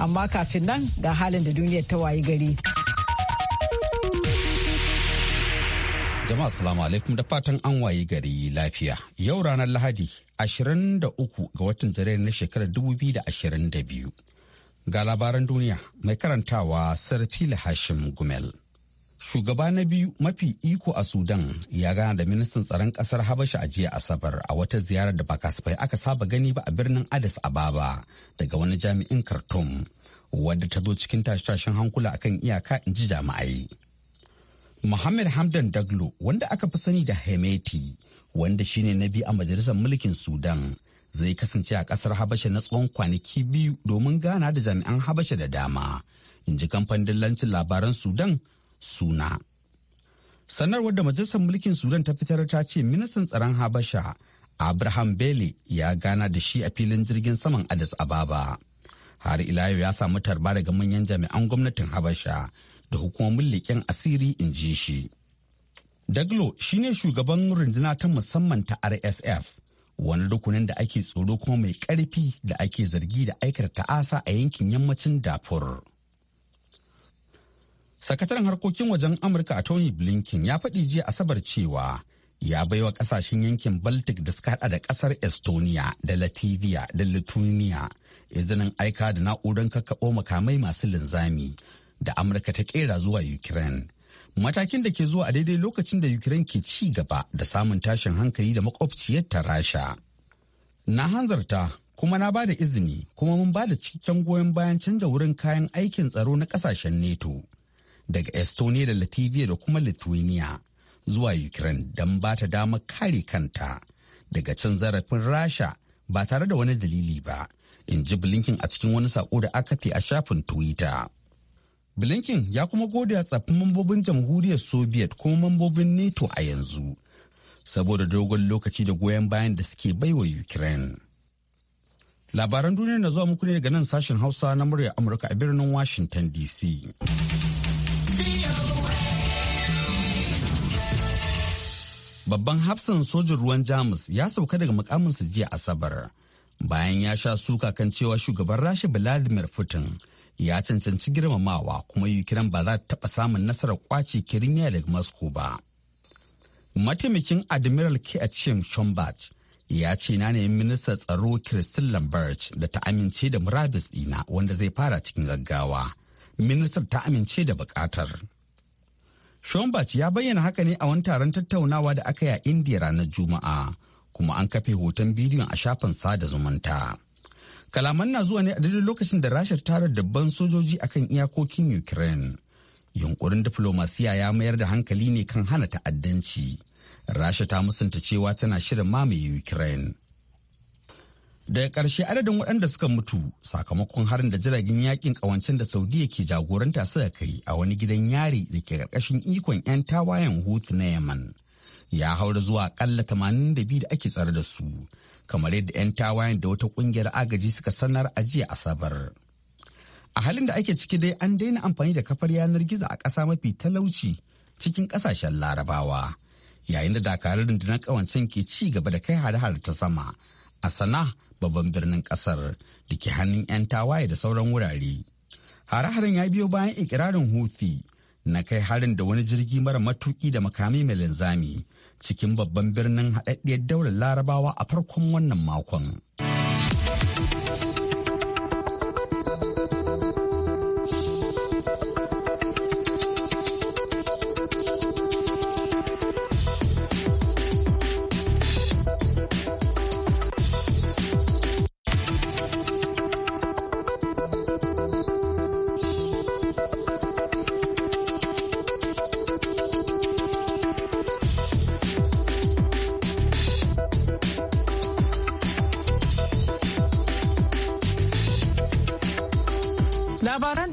amma kafin nan ga halin da duniyar ta wayi gari. Jama'a salamu alaikum da fatan an wayi gari lafiya. Yau ranar Lahadi 23 ga watan Janairu na shekarar 2022. Ga labaran duniya mai karantawa Sarfila Hashim Gumel. Shugaba na biyu mafi iko a Sudan ya gana da ministan tsaron kasar Habasha a jiya Asabar a wata ziyarar da ba kasafai aka saba gani ba a birnin Addis Ababa daga wani jami'in Khartoum wadda ta zo cikin tashe-tashen hankula akan iyaka in ji jama'ai. Muhammad Hamdan Daglo wanda aka fi sani da Hemeti wanda shine na biyu a majalisar mulkin Sudan zai kasance a kasar Habasha na tsawon kwanaki biyu domin gana da jami'an Habasha da dama. In ji kamfanin lancin labaran Sudan suna. Sanarwar da Majalisar Mulkin Sudan ta fitar ta ce ministan tsaron Habasha Abraham Bele ya gana da shi a filin jirgin saman Addis Ababa. Har ila yau ya samu tarba daga manyan jami'an gwamnatin Habasha da hukumomin leƙen asiri in ji shi. Daglo shi ne shugaban runduna ta musamman ta RSF wani rukunin da ake tsoro kuma mai ƙarfi da ake zargi da aikata ta'asa a yankin yammacin Dafur. sakataren harkokin wajen amurka a tony blinken ya faɗi jiya asabar cewa ya baiwa ƙasashen yankin baltic da suka haɗa da ƙasar estonia da latvia da lithuania izinin aika da na'urar kakkaɓo makamai masu linzami da amurka ta ƙera zuwa ukraine matakin da ke zuwa a daidai lokacin da ukraine ke ci gaba da samun tashin hankali da makwabciyarta rasha na hanzarta kuma na bada izini kuma mun bada cikakken goyon bayan canja wurin kayan aikin tsaro na ƙasashen neto daga Estonia da Latvia da kuma Lithuania zuwa Ukraine don ba ta dama kare kanta daga cin zarafin Rasha ba tare da wani dalili ba, in ji Blinken a cikin wani sako da aka fi a shafin Twitter. Blinken ya kuma gode a mambobin jamhuriyar Soviet kuma mambobin NATO a yanzu, saboda dogon lokaci da goyon bayan da suke baiwa Ukraine. Labaran duniya na zuwa muku ne daga nan sashen Hausa na murya Amurka a birnin Washington DC. Babban hafsan sojin ruwan Jamus ya sauka daga mukaminsa jiya Asabar bayan ya sha suka kan cewa shugaban Rasha Vladimir Putin ya cancanci girmamawa kuma Ukraine ba za ta taɓa samun nasarar kwace Kirimiya daga Moscow ba. Mataimakin Admiral K.H.M. Chombat ya ce na nemi ministan tsaro Christine Lambert da ta amince da murabis ɗina wanda zai fara cikin gaggawa ministar ta amince da bukatar. Shombach ya bayyana haka ne a wani taron tattaunawa da aka yi a Indiya ranar Juma'a, kuma an kafe hoton bidiyon a shafin sada zumunta. Kalaman na zuwa ne a daidai lokacin da Rasha tara dabban sojoji akan iyakokin Ukraine. Yunkurin diflomasiya ya mayar da hankali ne kan hana ta'addanci. Rasha ta musanta cewa tana shirin mamaye Ukraine. daga ƙarshe adadin waɗanda suka mutu sakamakon harin da jiragen yakin ƙawancen da saudiya ke jagoranta suka kai a wani gidan yari da ke ƙarƙashin ikon 'yan tawayen hutu na yaman ya hau da zuwa ƙalla tamanin da biyu da ake tsare da su kamar yadda 'yan tawayen da wata ƙungiyar agaji suka sanar a jiya asabar a halin da ake ciki dai an daina amfani da kafar yanar gizo a ƙasa mafi talauci cikin ƙasashen larabawa yayin da dakarun rundunar ƙawancen ke ci gaba da kai hare-hare ta sama a sana'a babban birnin kasar da ke hannun 'yan tawaye da sauran wurare hare-haren ya biyo bayan ikirarin hufi na kai harin da wani jirgi mara matuki da makami mai linzami cikin babban birnin haɗaɗɗiyar daular larabawa a farkon wannan makon.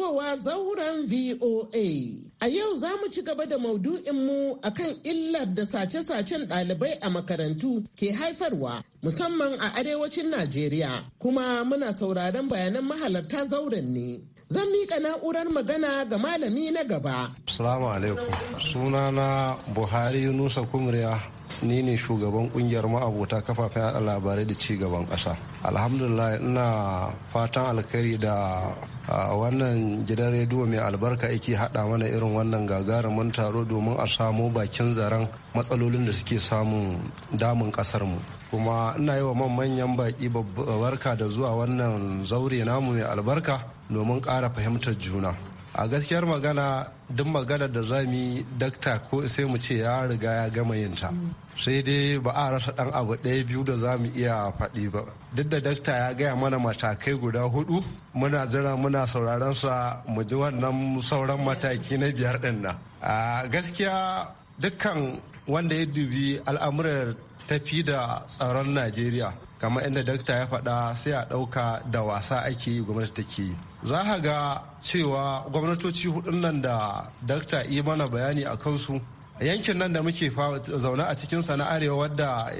shigowa zauren VOA. A yau za mu ci gaba da maudu'inmu a kan illar da sace-sacen ɗalibai a makarantu ke haifarwa musamman a arewacin Najeriya kuma muna sauraron bayanan mahalarta zauren ne. zan miƙa na'urar magana ga malami na gaba. Salamu alaikum. Suna na Buhari Nusa Kumriya ni ne shugaban kungiyar ma'abota kafafen yada labarai da ci gaban ƙasa. Alhamdulillah ina fatan alkhairi da wannan gidan rediyo mai albarka yake haɗa mana irin wannan gagarumin taro domin a samu bakin zaren matsalolin da suke samun damun ƙasarmu. kuma ina yi wa manyan baƙi barka da zuwa wannan zaure namu mai albarka domin ƙara fahimtar juna a gaskiyar magana duk magana da zami dakta ko sai mu ce ya riga ya gama yinta sai dai ba a rasa dan abu ɗaya biyu da za mu iya faɗi ba duk da dakta ya gaya mana matakai guda hudu muna jira muna sauraron sa mu ji wannan sauran mataki na biyar ɗin nan a gaskiya dukkan wanda ya dubi al'amuran tafi da tsaron najeriya kamar inda dakta ya faɗa sai a ɗauka da wasa ake yi gwamnati take yi za a ga cewa gwamnatoci hudun nan da dakta yi mana bayani a kansu yankin nan da muke zaune a cikin na arewa wadda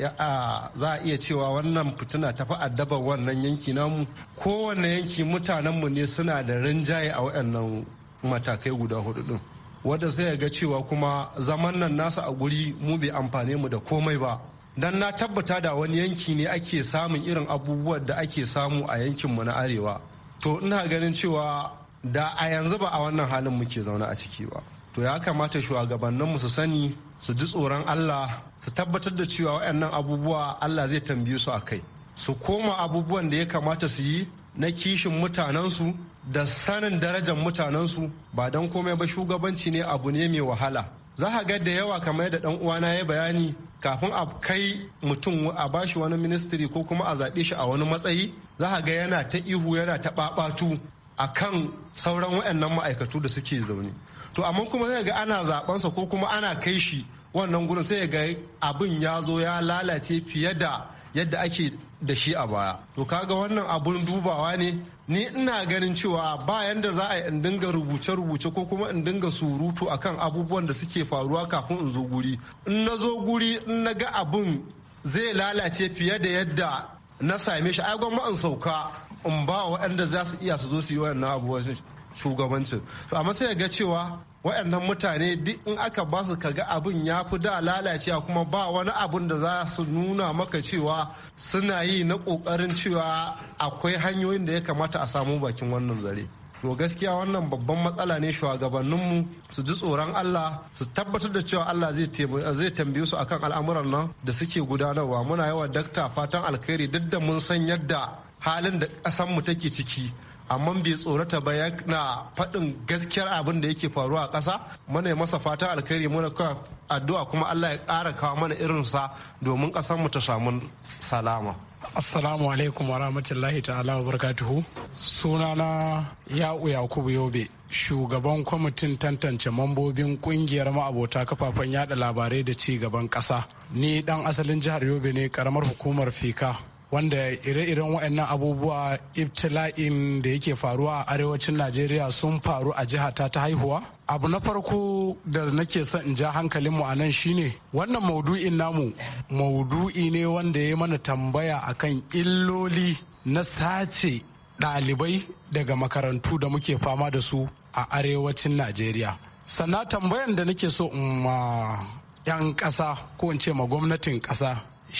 za a iya cewa wannan fituna ta fi addaba wannan yanki namu kowane yanki mutanenmu ne suna da rinjaye a waɗannan matakai guda hudu din wadda zai ga cewa kuma zaman nan nasu a guri mu bai amfane mu da komai ba don na tabbata da wani yanki ne ake samun irin abubuwan da ake samu a yankinmu na arewa to ina ganin cewa da a yanzu ba a wannan halin muke zaune a ciki ba to ya kamata shugabanninmu su sani su ji tsoron allah su tabbatar da cewa waɗannan abubuwa allah zai tambaye su a kai su koma abubuwan da ya kamata su yi na kishin mutanensu da sanin darajar mutanensu ba don komai ba shugabanci ne abu ne mai wahala za a ga da yawa kamar yadda dan uwana ya bayani kafin a kai mutum a bashi wani ministry ko kuma a zaɓe shi a wani matsayi za a ga yana ta ihu yana ta ɓaɓatu a kan sauran waɗannan ma'aikatu da suke zaune to amma kuma zai ga ana zaɓensa ko kuma ana kai shi wannan gurin sai ga abin ya zo ya lalace fiye da yadda ake da shi a baya to kaga wannan abun dubawa ne ni ina ganin cewa bayan da za a yi in dinga rubuce-rubuce ko kuma in dinga surutu akan abubuwan da suke faruwa kafin in zo guri in na zo guri in na ga abun zai lalace fiye da yadda na same shi ai gwamnati in sauka in ba waɗanda za su iya su zo su yi waɗannan abubuwan shugabancin a amma sai ga cewa waɗannan mutane duk in aka ba su kaga abin ya fi da lalacewa kuma ba wani abin da za su nuna maka cewa suna yi na ƙoƙarin cewa akwai hanyoyin da ya kamata a samu bakin wannan zare. to gaskiya wannan babban matsala ne shugabanninmu su ji tsoron Allah su tabbatar da cewa Allah zai tambaye su akan al'amuran nan da suke gudanarwa muna yawa dakta fatan alkhairi duk da mun san yadda halin da ƙasar mu take ciki amma bai tsorata ba na faɗin gaskiyar abin da yake faruwa a ƙasa mana masa fatan alkhairi muna addu'a kuma Allah ya ƙara kawo mana irin irinsa domin mu ta samu salama. Assalamu alaikum wa rahmatullahi ta'ala wa barakatuhu. Sunana Ya'u Yakubu Yobe, shugaban kwamitin tantance mambobin kungiyar ma'abota kafafen yada labarai da ci gaban ƙasa. Ni dan asalin jihar Yobe ne karamar hukumar Fika wanda ire-iren waɗannan abubuwa ibtila'in da yake faruwa a arewacin najeriya sun faru a jihata ta haihuwa abu na farko da nake son in ja hankalinmu a nan shine wannan maudu'in namu maudu'i ne wanda ya mana tambaya akan illoli na sace ɗalibai daga makarantu da muke fama da su a arewacin najeriya sannan tambayan da nake so in ma 'yan ƙasa ko in ce ma gwamnatin ƙasa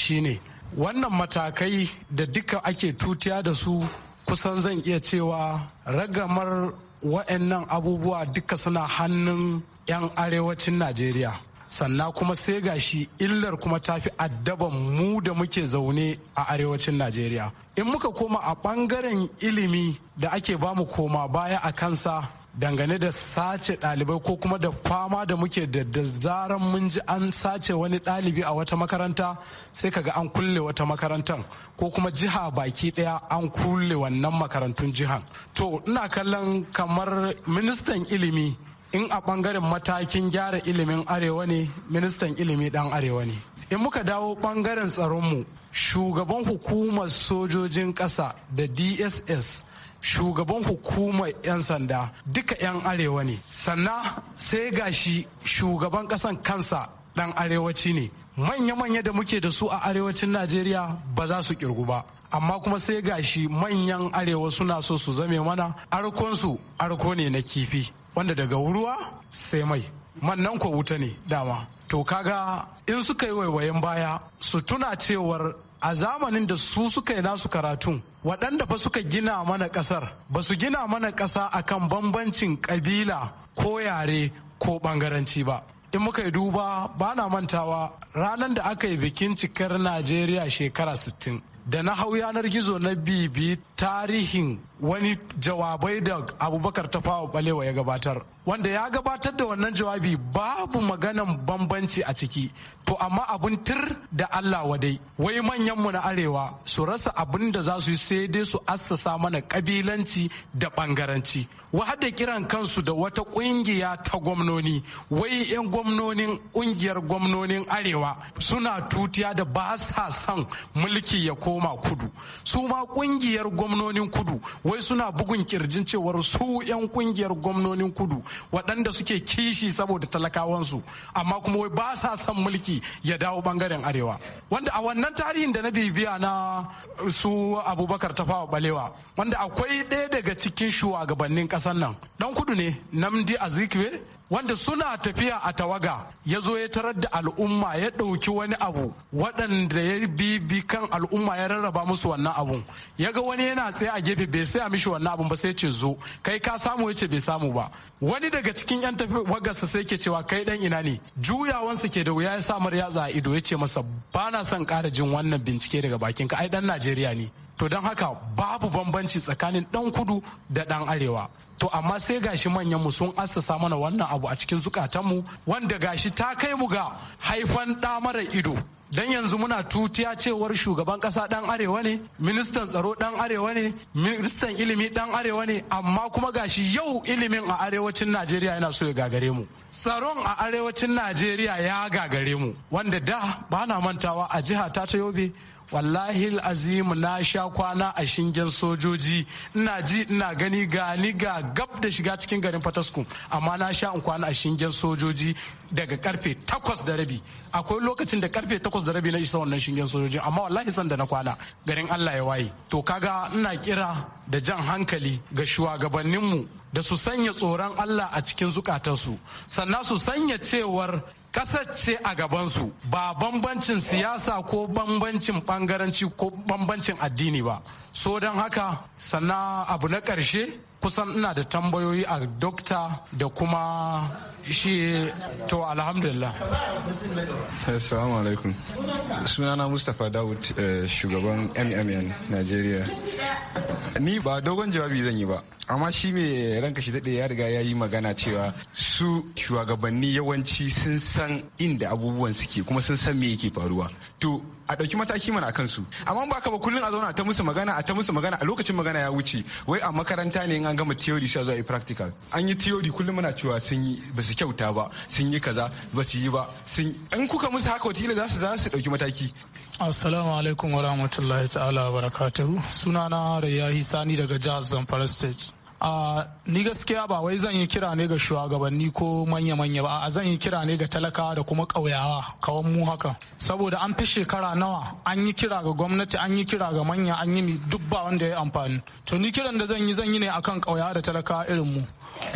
shine wannan matakai da duka ake tutiya da su kusan zan iya cewa ragamar wa'annan abubuwa duka suna hannun 'yan arewacin najeriya sannan kuma sai gashi illar kuma tafi addaban mu da muke zaune a arewacin najeriya in muka koma a ɓangaren ilimi da ake bamu koma baya a kansa dangane da sace dalibai ko kuma da fama da muke da zaran mun ji an sace wani dalibi a wata makaranta sai kaga an kulle wata makarantar ko kuma jiha baki ɗaya an kulle wannan makarantun jihan to ina kallon kamar ministan ilimi in a ɓangaren matakin gyara ilimin arewa ne ministan ilimi dan arewa ne in muka dawo ɓangaren tsaronmu shugaban hukumar sojojin kasa da dss shugaban hukumar 'yan sanda duka 'yan arewa ne sannan sai gashi shugaban kasan kansa dan arewaci ne manya-manya da muke da su a arewacin najeriya ba za su kirgu ba amma kuma sai gashi manyan arewa suna so su zame mana arkonsu arko ne na kifi wanda daga ruwa sai mai man nan ko wuta ne dama to kaga in suka yi waiwayen baya su tuna cewar a zamanin da su suka yi nasu karatun waɗanda fa suka gina mana ƙasar ba su gina mana ƙasa akan bambancin ƙabila ko yare ko ɓangaranci ba in muka yi duba ba na mantawa ranar da aka yi bikin cikar najeriya shekara 60 da na hau yanar gizo na bibi tarihin wani jawabai da abubakar ta tafawa balewa ya gabatar wanda ya gabatar da wannan jawabi babu maganan bambanci a ciki to amma abun tir da Allah wadai wai manyanmu na arewa su rasa abin da za su yi sai dai su assasa mana kabilanci da bangaranci wahada kiran kansu da wata kungiya ta gwamnoni wai 'yan gwamnonin kungiyar gwamnonin arewa suna tutiya da ba sa son mulki ya koma kudu su ma kungiyar gwamnonin kudu wai suna bugun kirjin cewar su 'yan kungiyar gwamnonin kudu waɗanda suke kishi saboda talakawansu amma kuma wai ba sa son mulki ya dawo bangaren arewa wanda a wannan tarihin da na bibiya na su abubakar tafawa balewa wanda akwai ɗaya daga cikin shugabannin ƙasar nan ɗan kudu ne namdi azikiwe wanda suna tafiya a tawaga ya zo ya tarar da al'umma ya ɗauki wani abu waɗanda ya bibi kan al'umma ya rarraba musu wannan abun ya ga wani yana tsaye a gefe bai sai a mishi wannan abun ba sai ce zo kai ka samu ya ce bai samu ba wani daga cikin yan tawagarsa sai ke cewa kai dan ina ne juyawansa ke da wuya ya sa murya yatsa a ido ya ce masa ba na son ƙara jin wannan bincike daga bakin ka ai dan najeriya ne to don haka babu bambanci tsakanin dan kudu da dan arewa to amma sai gashi manyan mu sun assasa mana wannan abu a cikin zukatan mu. wanda gashi ta kai mu ga haifan ɗa mara ido dan yanzu muna tutiya cewar shugaban kasa dan arewa ne ministan tsaro dan arewa ne ministan ilimi dan arewa ne amma kuma gashi yau ilimin a arewacin najeriya yana so ya gagare mu tsaron a arewacin najeriya ya gagare mu wanda da ba na mantawa a jiha ta ta yobe wallahi azimu na sha kwana a shingen sojoji ina ji ina gani ga ni ga gab da shiga cikin garin fataskum amma na sha in kwana a shingen sojoji daga karfe takwas da rabi akwai lokacin da karfe takwas da rabi na isa wannan shingen sojoji amma wallahi san da na kwana garin allah ya waye to kaga ina kira da jan hankali ga shugabanninmu da su sanya tsoron allah a cikin zukatansu sannan su sanya cewar ƙasar ce a gabansu ba bambancin siyasa ko bambancin bangaranci ko bambancin addini ba so don haka sannan abu na ƙarshe kusan ina da tambayoyi a dokta da kuma shi to alhamdulillah assalamu alaikum sunana mustapha dawud eh, shugaban mmn nigeria ni ba dogon jawabi zan yi ba amma shi mai ranka shi daɗe ya riga ya yi magana cewa su shugabanni yawanci sun san inda abubuwan suke kuma sun san me yake faruwa to a ɗauki mataki mana kan su amma ba ka ba kullum a zauna a ta musu magana a ta musu magana a lokacin magana ya wuce wai a makaranta ne in an gama theory sai zuwa practical an yi theory kullum muna cewa sun yi ba su kyauta ba sun yi kaza ba su yi ba sun in kuka musu haka wata za su za su ɗauki mataki assalamu alaikum wa rahmatullahi ta'ala wa barakatuhu sunana rayahi sani daga jihar zamfara state ni gaskiya ba wai zan yi kira ne ga shugabanni ko manya-manya ba a zan yi kira ne ga talakawa da kuma ƙauyawa kawan mu haka saboda an fi shekara nawa an yi kira ga gwamnati an yi kira ga manya an yi duk ba wanda ya amfani to ni kiran da zan yi zan yi ne akan ƙauyawa da talakawa irin mu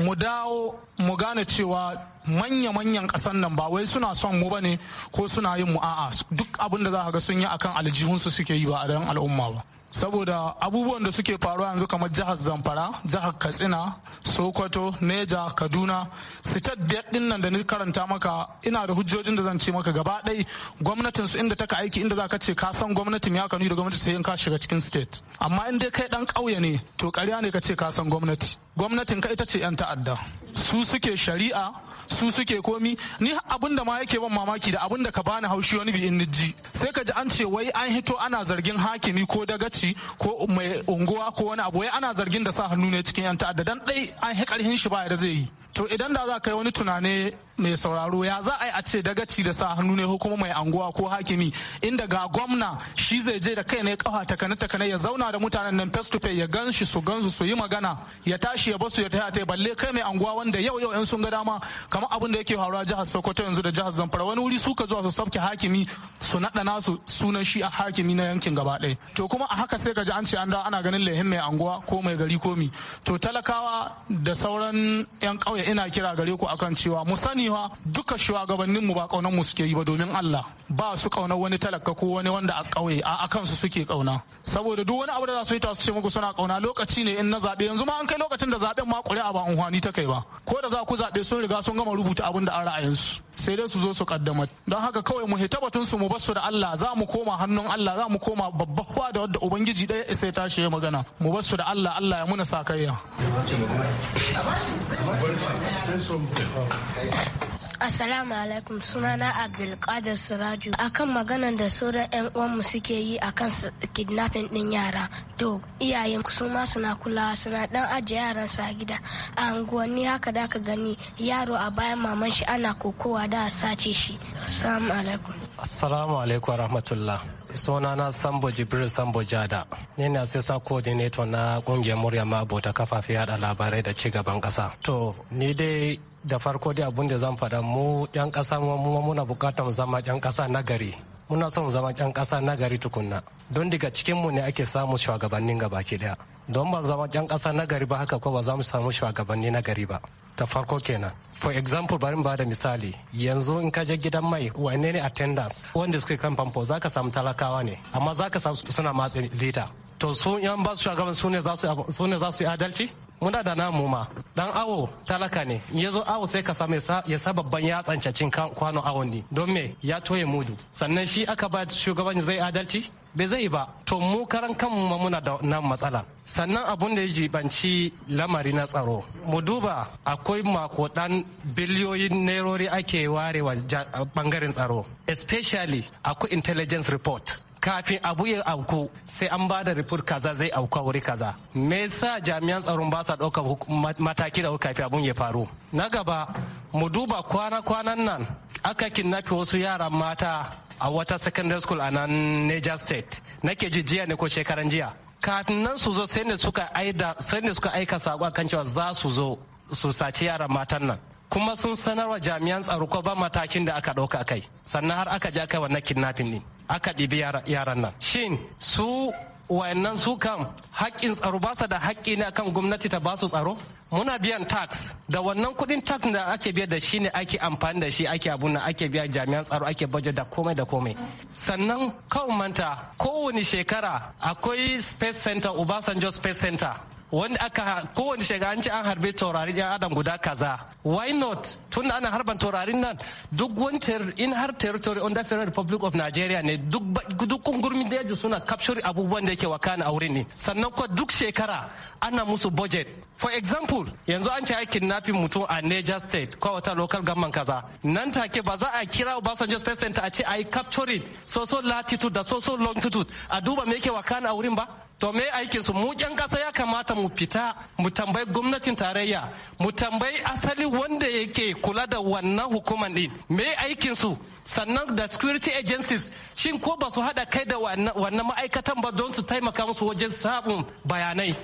mu dawo mu gane cewa manya-manyan ƙasan nan ba wai suna son mu bane ko suna yin mu a'a duk abin da za ka ga sun yi akan aljihunsu suke yi ba a dan al'umma ba saboda abubuwan da suke faruwa yanzu kamar jihar zamfara jihar katsina sokoto neja kaduna sitat biyar din nan da ni karanta maka ina da hujjojin da zan ce maka gaba ɗai gwamnatin su inda taka aiki inda za ka ce ka san gwamnatin ya kanu da gwamnati sai in ka shiga cikin state amma in dai kai dan kauye ne to ƙarya ne ka ce ka san gwamnati gwamnatin ka ita ce 'yan ta'adda su suke shari'a su suke komi ni abin da ma yake ban mamaki da abin da ka bani haushi wani bi'in ji sai ka ji an ce wai an hito ana zargin hakimi ko dagaci ko mai unguwa ko wani abu wai ana zargin da sa hannu ne cikin 'yan ta'adda dan dai an hi karhin shi baya da zai yi to idan da za ka yi wani tunani mai sauraro ya za a yi a ce dagaci da sa hannu ne hukuma mai anguwa ko hakimi inda ga gwamna shi zai je da kai ne kafa takane takane ya zauna da mutanen nan face to face ya gan shi su gan su su yi magana ya tashi ya basu ya taya ta balle kai mai anguwa wanda yau yau in sun ga dama kamar abin da yake faruwa jihar Sokoto yanzu da jihar Zamfara wani wuri suka zuwa su sabke hakimi su naɗa nasu sunan shi a hakimi na yankin gaba ɗaya to kuma a haka sai ka ji an ce an da ana ganin lehin mai anguwa ko mai gari ko mi to talakawa da sauran yan ƙauye ina kira gare ku akan cewa mu sani wa duka shugabanninmu ba kaunar mu suke yi ba domin Allah ba su kaunar wani talaka ko wani wanda a kauye a akan su suke kauna saboda duk wani abu da za su yi ta su ce muku suna kauna lokaci ne in na zabe yanzu ma an kai lokacin da zaben ma kuri'a ba unhwani ta kai ba ko da za ku zabe sun riga sun gama rubuta abin da an su. sai dai su zo su kaddamar don haka kawai mu hita batun su mu basu da Allah za mu koma hannun Allah za mu koma babbawa da wadda ubangiji ɗaya sai tashi ya magana mu basu da Allah Allah ya muna sakayya Assalamu alaikum sunana Abdulkadir Siraju akan maganan da sauran 'yan uwanmu suke yi akan kidnapping din yara to iyayen su ma suna kulawa suna dan ajiye yaran a gida a unguwanni haka da ka gani yaro a bayan maman shi ana kokowa da a sace shi assalamu alaikum assalamu alaikum wa rahmatullah sunana sambo jibril sambo jada ni ne assistant coordinator na kungiyar murya mabota kafafe yada labarai da ci gaban kasa to ni dai da farko dai abun da zan faɗa mu ƴan ƙasa muna buƙatar zama yan ƙasa na gari muna son zama ƴan ƙasa na gari tukunna don daga cikinmu ne ake samun shugabannin gabaki daya don ba zama yan kasa na gari ba haka ko ba za mu samu shugabanni na gari ba ta farko kenan for example bari ba da misali yanzu in ka je gidan mai wane ne attendance wanda suke kan famfo za ka samu talakawa ne amma za ka samu suna matsin lita to su yan ba su shugaban su ne za su yi adalci muna da namu ma dan awo talaka ne ya zo awo sai ka samu ya sa babban ya tsancacin kwano awon ne don me ya toye mudu sannan shi aka ba shugaban zai adalci bai zai ba to mu karan kanmu ma muna da nan matsala sannan abun da ya jibanci lamari na tsaro mu duba akwai makodan biliyoyin nairori ake warewa bangaren tsaro especially akwai intelligence report kafin abu ya auku sai an ba da rufur kaza zai auku wuri kaza me yasa jami'an tsaron ba sa ɗaukar mataki da kafin abun ya faru na gaba mu duba kwana-kwanan nan aka kidnapping wasu yaran mata a wata secondary school a nan Niger State nake ji jiya ne ko shekaran jiya kafin nan su zo sai ne suka aika sako kan cewa za su zo su saci yaran matan nan kuma sun sanarwa jami'an tsaro ko ba matakin da aka ɗauka kai sannan har aka ja kai wannan kidnapping ne aka ɗibi yaran nan shin su wayannan su kam haƙƙin tsaro ba su da haƙƙi ne akan gwamnati ta ba su tsaro muna biyan tax da wannan kuɗin tax da ake biya da shi ne ake amfani da shi ake abun ake biya jami'an tsaro ake baje da komai da komai sannan kawun manta kowane shekara akwai space center obasanjo space center wanda aka kowane shiga an ce an harbe taurarin yan adam guda kaza why not tun ana harban taurarin nan duk wancan in har territory under federal republic of nigeria ne duk kungurmin daji suna capture abubuwan da yake wakana a wurin ne sannan kuwa duk shekara ana musu budget for example yanzu an ce aikin nafin mutum a niger state ko wata local gamman kaza nan take ba za a kira obasanjo space center a ce a yi capturing so so latitude da so so longitude a duba me yake wakana a wurin ba to me aikin su mu ƙyan ƙasa ya kamata mu fita mu tambayi gwamnatin tarayya mu tambayi asali wanda yake kula da wannan hukumar din me aikin su sannan da security agencies shin ko ba su hada kai da wannan ma'aikatan ba don su taimaka musu wajen sabon bayanai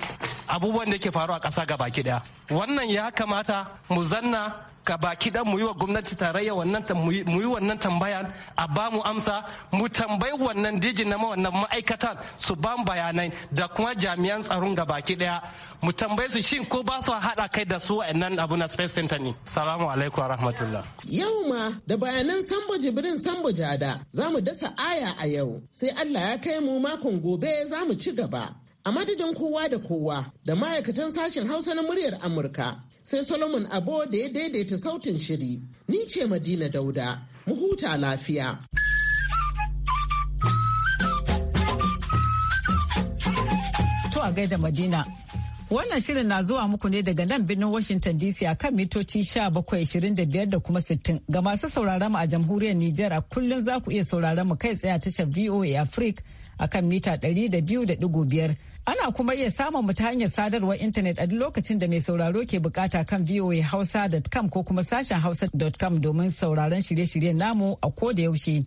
abubuwan da ke faru a ƙasa gaba ki daya wannan ya kamata mu zanna ga baki dan mu yi wa gwamnati tarayya wannan mu yi wannan tambaya a ba mu amsa mu tambayi wannan dijin na wannan ma'aikatan su ba bayanai da kuma jami'an tsaron ga baki daya mu tambaye su shin ko ba su haɗa kai da su wa'annan abu na space center ne salamu alaikum rahmatullah yau ma da bayanan sambo jibrin sambo jada za mu dasa aya a yau sai allah ya kai mu makon gobe za mu ci gaba a madadin kowa da kowa da ma'aikatan sashen hausa na muryar amurka sai solomon abo da ya daidaita sautin shiri ni ce madina dauda mu huta lafiya to a gaida madina Wannan shirin na zuwa muku ne daga nan birnin Washington DC a kan mitoci 1725 da kuma 60. Ga masu sauraron mu a jamhuriyar Nijar a kullum za ku iya sauraron mu kai tsaye a tashar VOA Africa a kan mita 200.5. Ana kuma iya samun mu ta hanyar sadarwar intanet a duk lokacin da mai sauraro ke bukata kan voahausa.com ko kuma sashen hausa.com domin sauraron shirye-shiryen namu a ko da yaushe.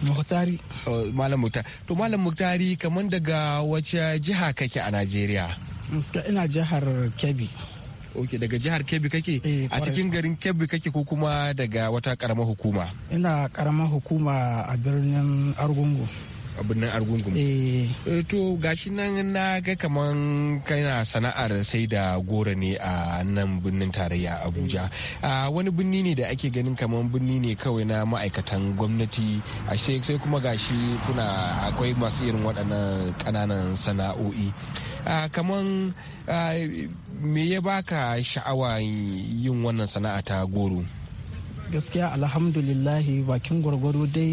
Muktari. Oh, Malam Muktari. To Malam muktari kamar daga wace jiha kake a Najeriya? Ina jihar Kebbi. Ok daga jihar Kebbi kake? Eh, a cikin garin Kebbi kake ko kuma daga wata karamar hukuma? Ina karamar hukuma a birnin Argungu. abin nan argungun eh. Eh, to gashi nan na ga kaman kana sana'ar sai da goro ne a nan birnin tarayya abuja a wani birni ne da ake ganin kaman birni ne kawai na ma'aikatan gwamnati a sai kuma gashi kuna akwai masu irin waɗannan ƙananan sana'o'i kaman me ya baka sha'awa yin wannan sana'a ta goro gaskiya alhamdulillahi bakin gwargwaro dai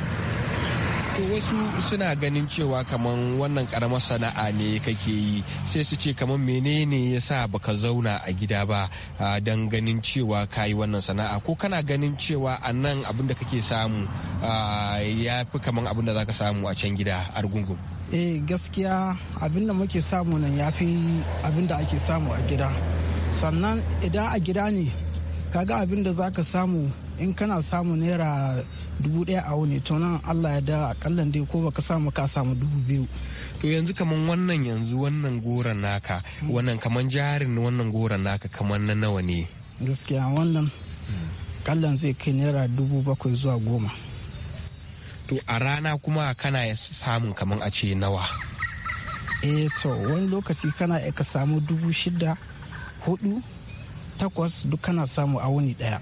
to wasu suna ganin cewa kaman wannan karamar sana'a ne kake yi sai su ce kaman menene ya sa baka zauna a gida ba don ganin cewa ka yi wannan sana'a ko kana ganin cewa a nan abin da kake samu ya fi kaman abin da zaka samu a can gida a rugungun eh gaskiya abin da muke samu nan ya fi abin da ake samu a gida sannan idan a gida ne kaga abin da zaka samu in kana samu naira dubu daya a wani to nan allah ya da akallan dai ko baka samu ka samu dubu biyu to yanzu kaman wannan yanzu wannan goron naka wannan kaman jarin wannan goron naka kaman na nawa ne gaskiya wannan kallan zai kai naira dubu bakwai zuwa goma to a rana kuma kana samun kaman a ce nawa eh to wani lokaci kana ka samu dubu shida hudu takwas duk kana samu a wani daya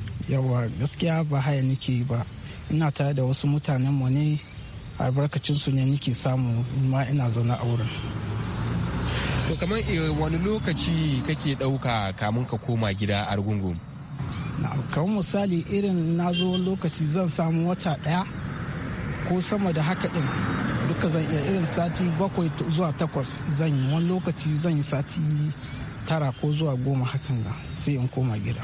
yawa gaskiya ba haya nake ba ina tare da wasu mutanen mu ne albarkacin su ne nike samu ma ina zaune a wurin to kamar eh, wani lokaci kake ɗauka kamun ka koma gida a rugungun kamar misali irin na zo lokaci zan samu wata daya ko sama da haka din duka zan iya irin sati bakwai zuwa takwas zan yi wani lokaci zan yi sati tara ko zuwa goma hakan ga sai in koma gida